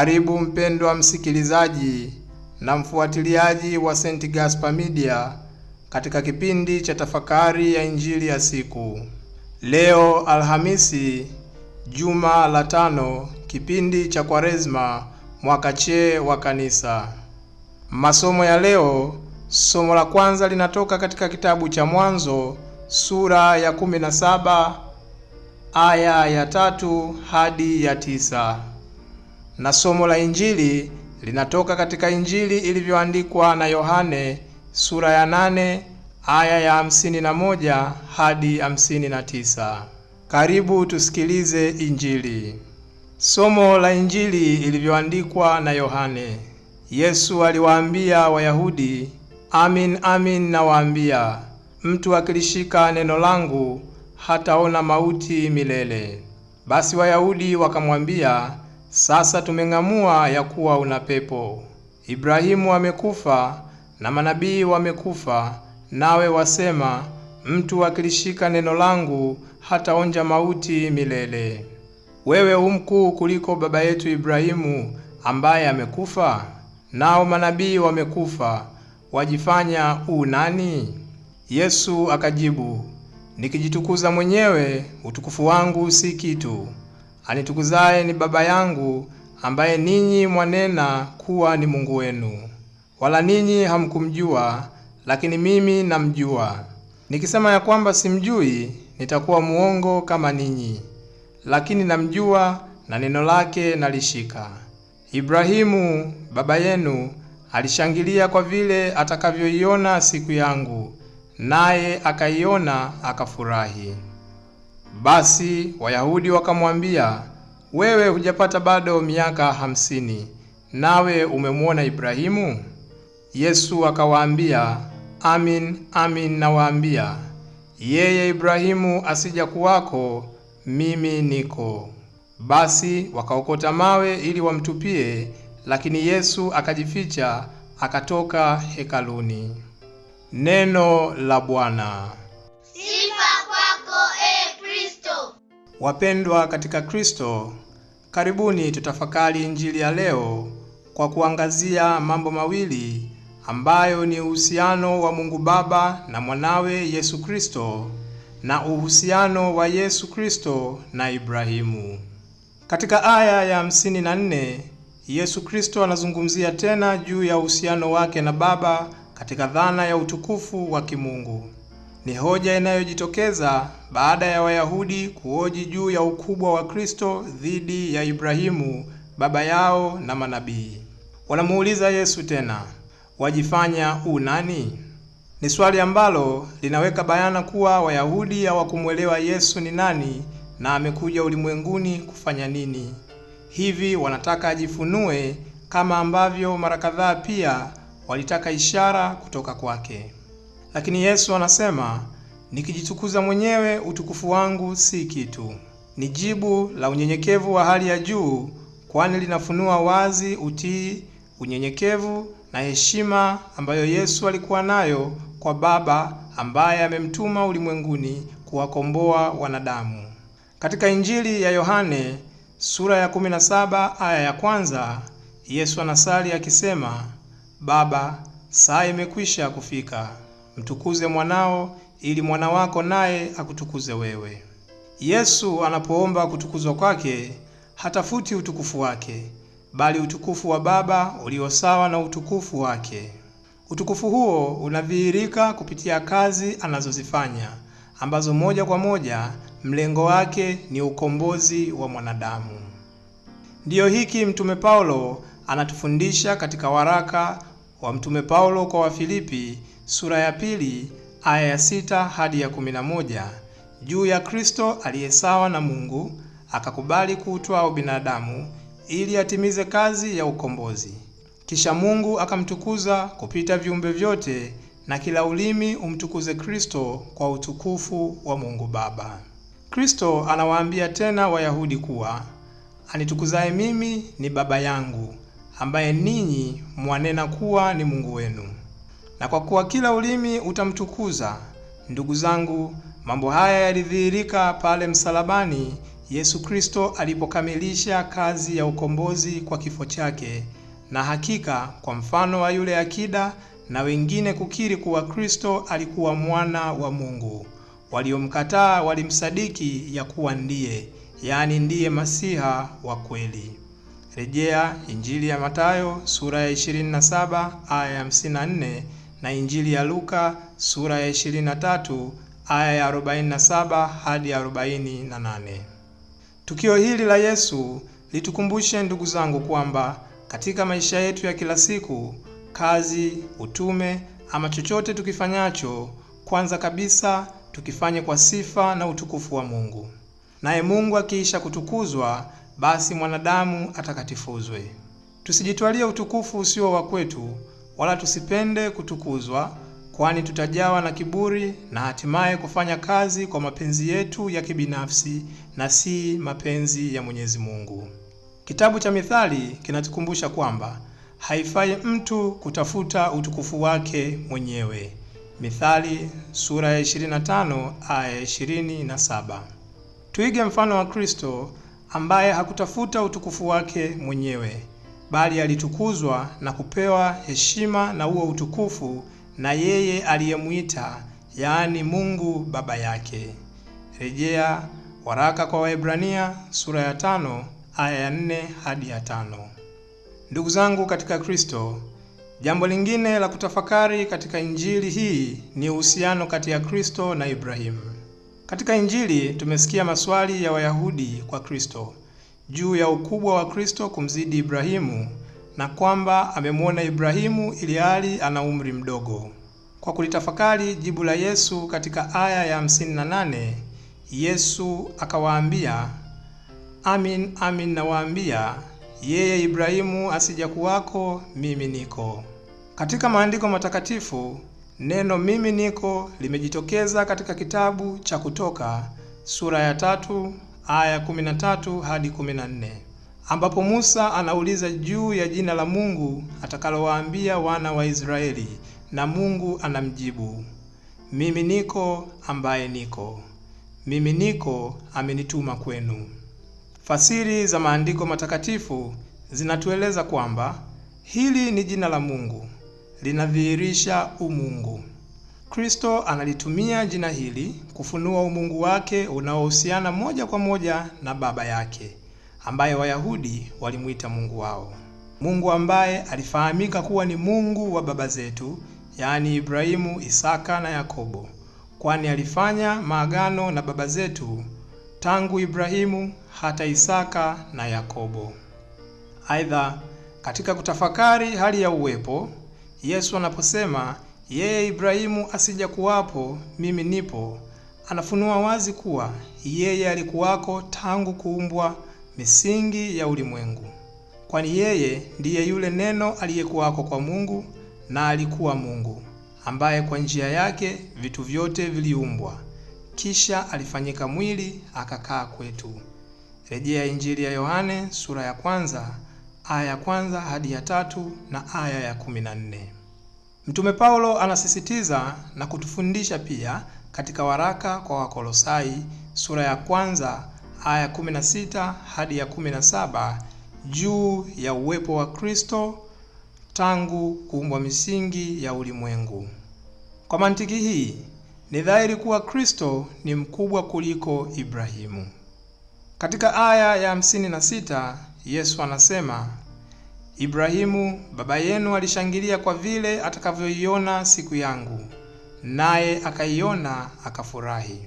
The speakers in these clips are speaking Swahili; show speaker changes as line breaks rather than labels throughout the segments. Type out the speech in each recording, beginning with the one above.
Karibu mpendwa msikilizaji na mfuatiliaji wa St. Gaspar Media katika kipindi cha tafakari ya injili ya siku. Leo Alhamisi, juma la tano, kipindi cha Kwaresma, mwaka C wa Kanisa. Masomo ya leo, somo la kwanza linatoka katika kitabu cha Mwanzo sura ya 17 aya ya tatu hadi ya tisa na somo la Injili linatoka katika Injili ilivyoandikwa na Yohane sura ya nane aya ya hamsini na moja hadi hamsini na tisa. Karibu tusikilize Injili. Somo la Injili ilivyoandikwa na Yohane. Yesu aliwaambia Wayahudi, amin amin nawaambia, mtu akilishika neno langu hataona mauti milele. Basi Wayahudi wakamwambia sasa tumeng'amua ya kuwa una pepo. Ibrahimu amekufa na manabii wamekufa, nawe wasema, mtu akilishika neno langu hataonja mauti milele. Wewe umkuu kuliko baba yetu Ibrahimu ambaye amekufa, nao manabii wamekufa, wajifanya u nani? Yesu akajibu, nikijitukuza mwenyewe utukufu wangu si kitu anitukuzaye ni Baba yangu ambaye ninyi mwanena kuwa ni Mungu wenu. Wala ninyi hamkumjua, lakini mimi namjua. Nikisema ya kwamba simjui, nitakuwa muongo kama ninyi, lakini namjua na neno lake nalishika. Ibrahimu baba yenu alishangilia kwa vile atakavyoiona siku yangu, naye akaiona akafurahi. Basi Wayahudi wakamwambia, wewe hujapata bado miaka hamsini, nawe umemwona Ibrahimu? Yesu akawaambia, amin amin nawaambia, yeye Ibrahimu asija kuwako, mimi niko. Basi wakaokota mawe ili wamtupie, lakini Yesu akajificha, akatoka hekaluni. Neno la Bwana.
Wapendwa katika Kristo, karibuni tutafakari injili ya leo kwa kuangazia mambo mawili ambayo ni uhusiano wa Mungu Baba na mwanawe Yesu Kristo na uhusiano wa Yesu Kristo na Ibrahimu. Katika aya ya 54 na nne Yesu Kristo anazungumzia tena juu ya uhusiano wake na Baba katika dhana ya utukufu wa kimungu ni hoja inayojitokeza baada ya Wayahudi kuhoji juu ya ukubwa wa Kristo dhidi ya Ibrahimu baba yao na manabii. Wanamuuliza Yesu tena, wajifanya u nani? Ni swali ambalo linaweka bayana kuwa Wayahudi hawakumwelewa Yesu ni nani na amekuja ulimwenguni kufanya nini. Hivi wanataka ajifunue, kama ambavyo mara kadhaa pia walitaka ishara kutoka kwake. Lakini Yesu anasema, nikijitukuza mwenyewe utukufu wangu si kitu. Ni jibu la unyenyekevu wa hali ya juu, kwani linafunua wazi utii, unyenyekevu na heshima ambayo Yesu alikuwa nayo kwa Baba ambaye amemtuma ulimwenguni kuwakomboa wanadamu. Katika Injili ya Yohane sura ya 17 aya ya kwanza, Yesu anasali akisema, Baba, saa imekwisha kufika. Mtukuze mwanao ili mwana wako naye akutukuze wewe. Yesu anapoomba kutukuzwa kwake, hatafuti utukufu wake, bali utukufu wa Baba ulio sawa na utukufu wake. Utukufu huo unadhihirika kupitia kazi anazozifanya ambazo moja kwa moja mlengo wake ni ukombozi wa mwanadamu. Ndiyo hiki Mtume Paulo anatufundisha katika waraka wa Mtume Paulo kwa Wafilipi sura ya pili aya ya sita hadi ya kumi na moja juu ya Kristo aliye sawa na Mungu akakubali kuutwaa ubinadamu ili atimize kazi ya ukombozi. Kisha Mungu akamtukuza kupita viumbe vyote, na kila ulimi umtukuze Kristo kwa utukufu wa Mungu Baba. Kristo anawaambia tena Wayahudi kuwa anitukuzaye mimi ni Baba yangu, ambaye ninyi mwanena kuwa ni Mungu wenu na kwa kuwa kila ulimi utamtukuza. Ndugu zangu, mambo haya yalidhihirika pale msalabani, Yesu Kristo alipokamilisha kazi ya ukombozi kwa kifo chake, na hakika kwa mfano wa yule akida na wengine kukiri kuwa Kristo alikuwa mwana wa Mungu. Waliomkataa walimsadiki ya kuwa ndiye, yaani ndiye Masiha wa kweli. Rejea Injili ya Mathayo sura ya 27 aya 54 na Injili ya Luka sura ya 23 aya ya 47 hadi 48. Tukio hili la Yesu litukumbushe ndugu zangu, kwamba katika maisha yetu ya kila siku, kazi, utume ama chochote tukifanyacho, kwanza kabisa tukifanye kwa sifa na utukufu wa Mungu, naye Mungu akiisha kutukuzwa, basi mwanadamu atakatifuzwe. Tusijitwalie utukufu usio wa kwetu wala tusipende kutukuzwa, kwani tutajawa na kiburi na hatimaye kufanya kazi kwa mapenzi yetu ya kibinafsi na si mapenzi ya Mwenyezi Mungu. Kitabu cha Mithali kinatukumbusha kwamba haifai mtu kutafuta utukufu wake mwenyewe. Mithali sura ya 25 aya saba. Tuige mfano wa Kristo ambaye hakutafuta utukufu wake mwenyewe bali alitukuzwa na kupewa heshima na huo utukufu na yeye aliyemwita, yaani Mungu Baba yake. Rejea waraka kwa Waebrania sura ya tano aya ya nne hadi ya tano. Ndugu zangu katika Kristo, jambo lingine la kutafakari katika injili hii ni uhusiano kati ya Kristo na Ibrahimu. Katika injili tumesikia maswali ya Wayahudi kwa Kristo juu ya ukubwa wa Kristo kumzidi Ibrahimu na kwamba amemwona Ibrahimu ili hali ana umri mdogo. Kwa kulitafakari jibu la Yesu katika aya ya 58, Yesu akawaambia, amin amin nawaambia, yeye Ibrahimu asija kuwako mimi niko. Katika maandiko matakatifu neno mimi niko limejitokeza katika kitabu cha Kutoka sura ya tatu aya 13 hadi 14 ambapo Musa anauliza juu ya jina la Mungu atakalowaambia wana wa Israeli, na Mungu anamjibu, mimi niko ambaye niko, mimi niko amenituma kwenu. Fasiri za maandiko matakatifu zinatueleza kwamba hili ni jina la Mungu, linadhihirisha umungu. Kristo analitumia jina hili kufunua umungu wake unaohusiana moja kwa moja na Baba yake ambaye Wayahudi walimwita Mungu wao, Mungu ambaye alifahamika kuwa ni Mungu wa baba zetu, yaani Ibrahimu, Isaka na Yakobo, kwani alifanya maagano na baba zetu tangu Ibrahimu hata Isaka na Yakobo. Aidha, katika kutafakari hali ya uwepo, Yesu anaposema yeye Ibrahimu asija kuwapo, mimi nipo, anafunua wazi kuwa yeye alikuwako tangu kuumbwa misingi ya ulimwengu, kwani yeye ndiye yule neno aliyekuwako kwa Mungu na alikuwa Mungu, ambaye kwa njia yake vitu vyote viliumbwa, kisha alifanyika mwili akakaa kwetu. Rejea Injili ya Yohane sura ya kwanza aya ya kwanza hadi ya tatu na aya ya kumi na nne. Mtume Paulo anasisitiza na kutufundisha pia katika waraka kwa Wakolosai sura ya kwanza aya 16 hadi ya 17 juu ya uwepo wa Kristo tangu kuumbwa misingi ya ulimwengu. Kwa mantiki hii ni dhahiri kuwa Kristo ni mkubwa kuliko Ibrahimu. Katika aya ya 56 Yesu anasema Ibrahimu baba yenu alishangilia kwa vile atakavyoiona siku yangu, naye akaiona akafurahi.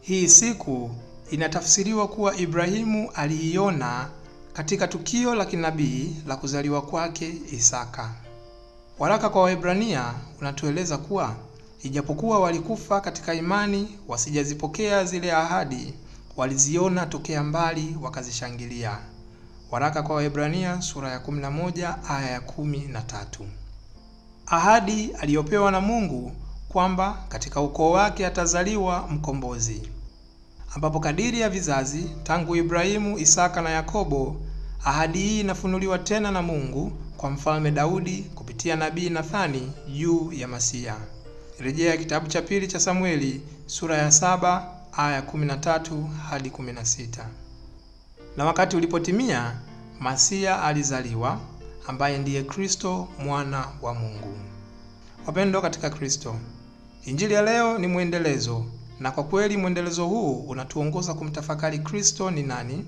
Hii siku inatafsiriwa kuwa Ibrahimu aliiona katika tukio la kinabii la kuzaliwa kwake Isaka. Waraka kwa Waebrania unatueleza kuwa ijapokuwa walikufa katika imani, wasijazipokea zile ahadi, waliziona tokea mbali wakazishangilia. Waraka kwa Waebrania sura ya 11 aya ya 13. Ahadi aliyopewa na Mungu kwamba katika ukoo wake atazaliwa mkombozi, ambapo kadiri ya vizazi tangu Ibrahimu, Isaka na Yakobo, ahadi hii inafunuliwa tena na Mungu kwa mfalme Daudi kupitia nabii Nathani juu ya Masia. Rejea kitabu cha pili cha Samueli sura ya 7 aya 13 hadi 16. Na wakati ulipotimia, Masia alizaliwa ambaye ndiye Kristo mwana wa Mungu. Wapendwa katika Kristo, Injili ya leo ni mwendelezo, na kwa kweli mwendelezo huu unatuongoza kumtafakari Kristo ni nani,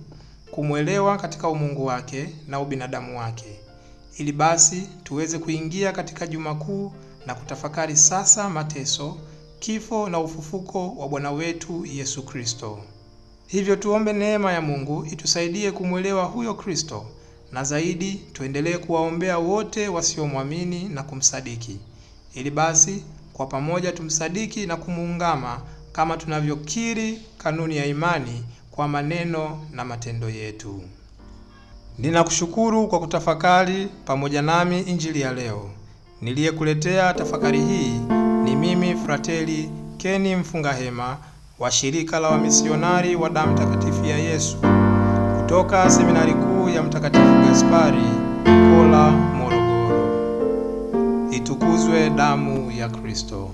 kumwelewa katika umungu wake na ubinadamu wake, ili basi tuweze kuingia katika Juma Kuu na kutafakari sasa mateso, kifo na ufufuko wa Bwana wetu Yesu Kristo. Hivyo tuombe neema ya Mungu itusaidie kumwelewa huyo Kristo, na zaidi tuendelee kuwaombea wote wasiomwamini na kumsadiki, ili basi kwa pamoja tumsadiki na kumuungama kama tunavyokiri kanuni ya imani kwa maneno na matendo yetu. Ninakushukuru kwa kutafakari pamoja nami injili ya leo. Niliyekuletea tafakari hii ni mimi Frateli Keni Mfungahema wa shirika la wamisionari wa, wa damu takatifu ya Yesu kutoka seminari kuu ya Mtakatifu Gaspari Kola, Morogoro. Itukuzwe damu ya Kristo!